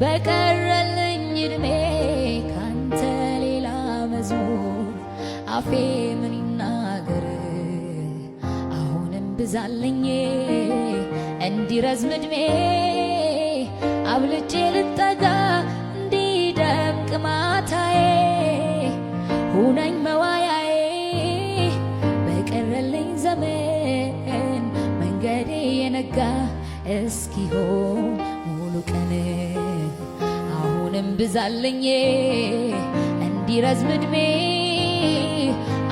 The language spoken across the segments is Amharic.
በቀረልኝ እድሜ ካንተ ሌላ መዝሙር አፌ ምን ይናገር? አሁንም ብዛልኝ እንዲረዝም እድሜ አብልጬ ልጠጋ እንዲደምቅ ማታዬ ሁነኝ መዋያዬ በቀረልኝ ዘመን መንገዴ የነጋ እስኪሆን ቀን አሁንም ብዛልኝ እንዲረዝም እድሜ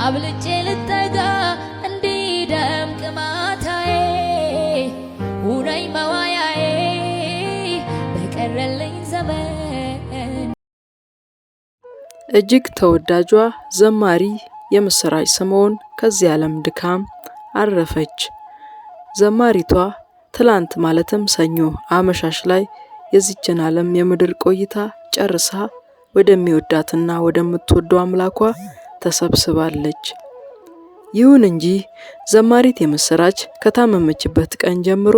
አብልጬ ልጠጋ እንዲደምቅ ማታዬ ሁነኝ መዋያዬ በቀረልኝ ዘመን። እጅግ ተወዳጇ ዘማሪ የምስራች ስምዖን ከዚህ ዓለም ድካም አረፈች። ዘማሪቷ ትላንት ማለትም ሰኞ አመሻሽ ላይ የዚችን ዓለም የምድር ቆይታ ጨርሳ ወደሚወዳትና ወደምትወደው አምላኳ ተሰብስባለች። ይሁን እንጂ ዘማሪት የምስራች ከታመመችበት ቀን ጀምሮ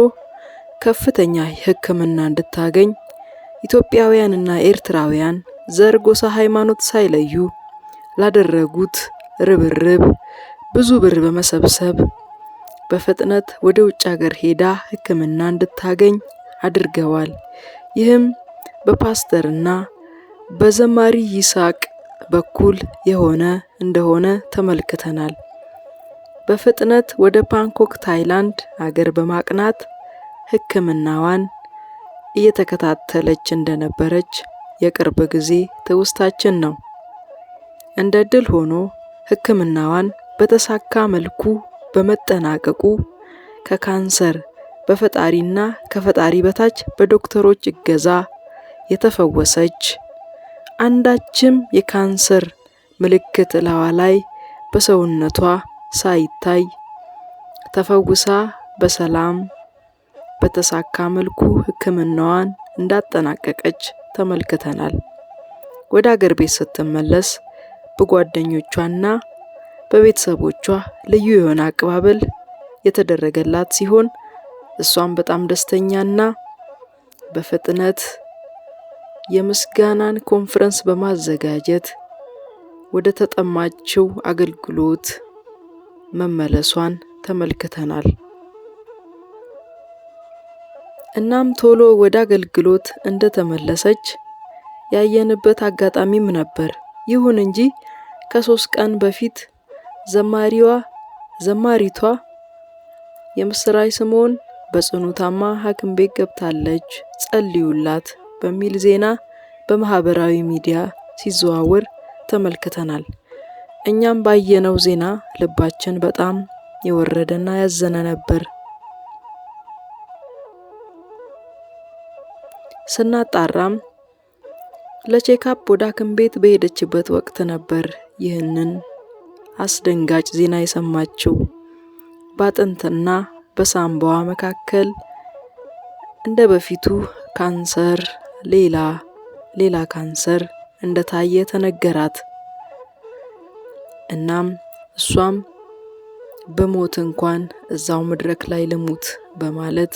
ከፍተኛ ሕክምና እንድታገኝ ኢትዮጵያውያንና ኤርትራውያን ዘር፣ ጎሳ፣ ሃይማኖት ሳይለዩ ላደረጉት ርብርብ ብዙ ብር በመሰብሰብ በፍጥነት ወደ ውጭ ሀገር ሄዳ ሕክምና እንድታገኝ አድርገዋል። ይህም በፓስተርና በዘማሪ ይስሐቅ በኩል የሆነ እንደሆነ ተመልክተናል። በፍጥነት ወደ ባንኮክ ታይላንድ አገር በማቅናት ሕክምናዋን እየተከታተለች እንደነበረች የቅርብ ጊዜ ትውስታችን ነው። እንደ ድል ሆኖ ሕክምናዋን በተሳካ መልኩ በመጠናቀቁ ከካንሰር በፈጣሪና ከፈጣሪ በታች በዶክተሮች እገዛ የተፈወሰች አንዳችም የካንሰር ምልክት እላዋ ላይ በሰውነቷ ሳይታይ ተፈውሳ በሰላም በተሳካ መልኩ ሕክምናዋን እንዳጠናቀቀች ተመልክተናል። ወደ አገር ቤት ስትመለስ በጓደኞቿና በቤተሰቦቿ ልዩ የሆነ አቀባበል የተደረገላት ሲሆን እሷም በጣም ደስተኛና በፍጥነት የምስጋናን ኮንፈረንስ በማዘጋጀት ወደ ተጠማችው አገልግሎት መመለሷን ተመልክተናል። እናም ቶሎ ወደ አገልግሎት እንደተመለሰች ያየንበት አጋጣሚም ነበር። ይሁን እንጂ ከሶስት ቀን በፊት ዘማሪዋ ዘማሪቷ የምስራች ስምዖን በጽኑ ታማ ሐኪም ቤት ገብታለች ጸልዩላት በሚል ዜና በማህበራዊ ሚዲያ ሲዘዋወር ተመልክተናል። እኛም ባየነው ዜና ልባችን በጣም የወረደና ያዘነ ነበር። ስናጣራም ለቼካፕ ወደ ሐኪም ቤት በሄደችበት ወቅት ነበር ይህንን አስደንጋጭ ዜና የሰማችው። በአጥንትና በሳምባዋ መካከል እንደ በፊቱ ካንሰር፣ ሌላ ሌላ ካንሰር እንደታየ ተነገራት። እናም እሷም በሞት እንኳን እዛው መድረክ ላይ ልሙት በማለት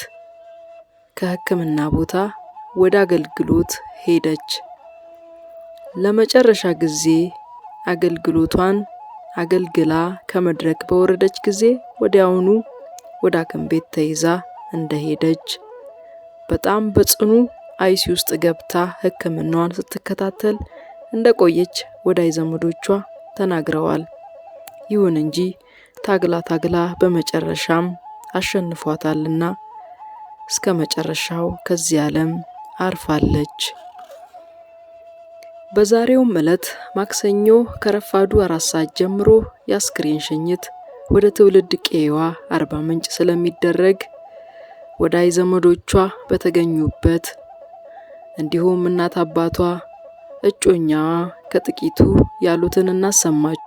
ከሕክምና ቦታ ወደ አገልግሎት ሄደች። ለመጨረሻ ጊዜ አገልግሎቷን አገልግላ ከመድረክ በወረደች ጊዜ ወዲያውኑ ወደ ሐኪም ቤት ተይዛ እንደሄደች በጣም በጽኑ አይሲ ውስጥ ገብታ ሕክምናዋን ስትከታተል እንደቆየች ወዳጅ ዘመዶቿ ተናግረዋል። ይሁን እንጂ ታግላ ታግላ በመጨረሻም አሸንፏታልና እስከ መጨረሻው ከዚህ ዓለም አርፋለች። በዛሬውም ዕለት ማክሰኞ ከረፋዱ አራት ሰዓት ጀምሮ የአስክሬን ሽኝት ወደ ትውልድ ቄዋ አርባ ምንጭ ስለሚደረግ አይ ዘመዶቿ በተገኙበት እንዲሁም እናት አባቷ፣ እጮኛዋ ከጥቂቱ ያሉትን እናሰማች።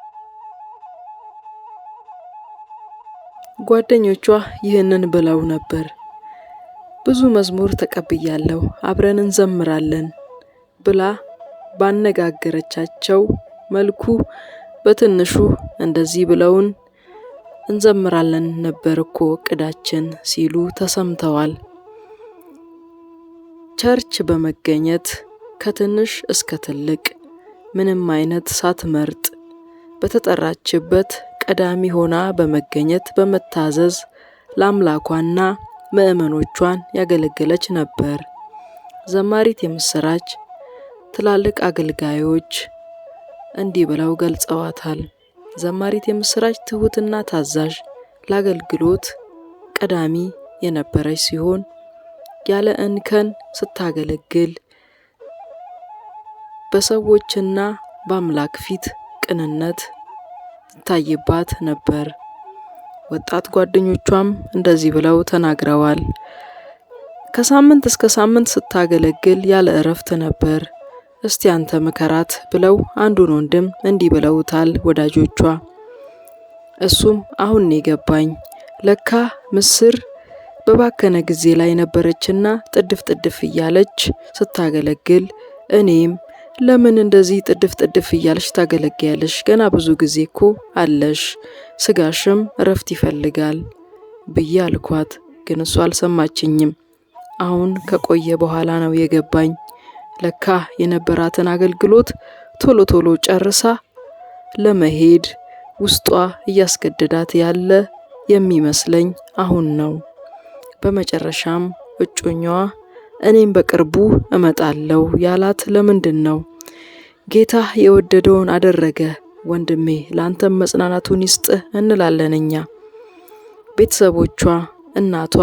ጓደኞቿ ይህንን ብለው ነበር። ብዙ መዝሙር ተቀብያለሁ፣ አብረን እንዘምራለን ብላ ባነጋገረቻቸው መልኩ በትንሹ እንደዚህ ብለውን እንዘምራለን ነበር እኮ እቅዳችን ሲሉ ተሰምተዋል። ቸርች በመገኘት ከትንሽ እስከ ትልቅ ምንም አይነት ሳትመርጥ በተጠራችበት ቀዳሚ ሆና በመገኘት በመታዘዝ ለአምላኳና ምዕመኖቿን ያገለገለች ነበር። ዘማሪት የምስራች ትላልቅ አገልጋዮች እንዲህ ብለው ገልጸዋታል። ዘማሪት የምስራች ትሑትና ታዛዥ፣ ለአገልግሎት ቀዳሚ የነበረች ሲሆን ያለ እንከን ስታገለግል በሰዎችና በአምላክ ፊት ቅንነት ይታይባት ነበር። ወጣት ጓደኞቿም እንደዚህ ብለው ተናግረዋል። ከሳምንት እስከ ሳምንት ስታገለግል ያለ እረፍት ነበር። እስቲ አንተ ምከራት ብለው አንዱን ወንድም እንዲህ ብለውታል ወዳጆቿ። እሱም አሁን የገባኝ ለካ ምስር በባከነ ጊዜ ላይ ነበረችና ጥድፍ ጥድፍ እያለች ስታገለግል እኔም ለምን እንደዚህ ጥድፍ ጥድፍ እያለች ታገለግያለሽ? ገና ብዙ ጊዜ እኮ አለሽ፣ ስጋሽም እረፍት ይፈልጋል ብዬ አልኳት። ግን እሱ አልሰማችኝም። አሁን ከቆየ በኋላ ነው የገባኝ። ለካ የነበራትን አገልግሎት ቶሎ ቶሎ ጨርሳ ለመሄድ ውስጧ እያስገደዳት ያለ የሚመስለኝ አሁን ነው። በመጨረሻም እጮኛዋ እኔም በቅርቡ እመጣለሁ ያላት ለምንድን ነው? ጌታ የወደደውን አደረገ፣ ወንድሜ ለአንተም መጽናናቱን ይስጥህ እንላለን እኛ። ቤተሰቦቿ፣ እናቷ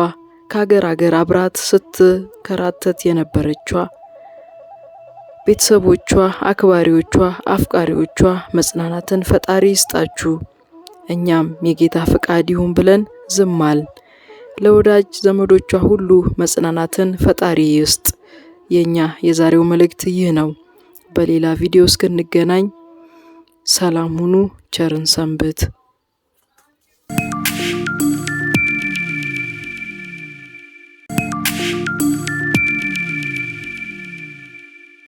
ከሀገር አገር አብራት ስትከራተት የነበረቿ ቤተሰቦቿ፣ አክባሪዎቿ፣ አፍቃሪዎቿ መጽናናትን ፈጣሪ ይስጣችሁ። እኛም የጌታ ፈቃድ ይሁን ብለን ዝማል። ለወዳጅ ዘመዶቿ ሁሉ መጽናናትን ፈጣሪ ይስጥ። የእኛ የዛሬው መልእክት ይህ ነው። በሌላ ቪዲዮ እስክንገናኝ ሰላም ሁኑ። ቸርን ሰንብት።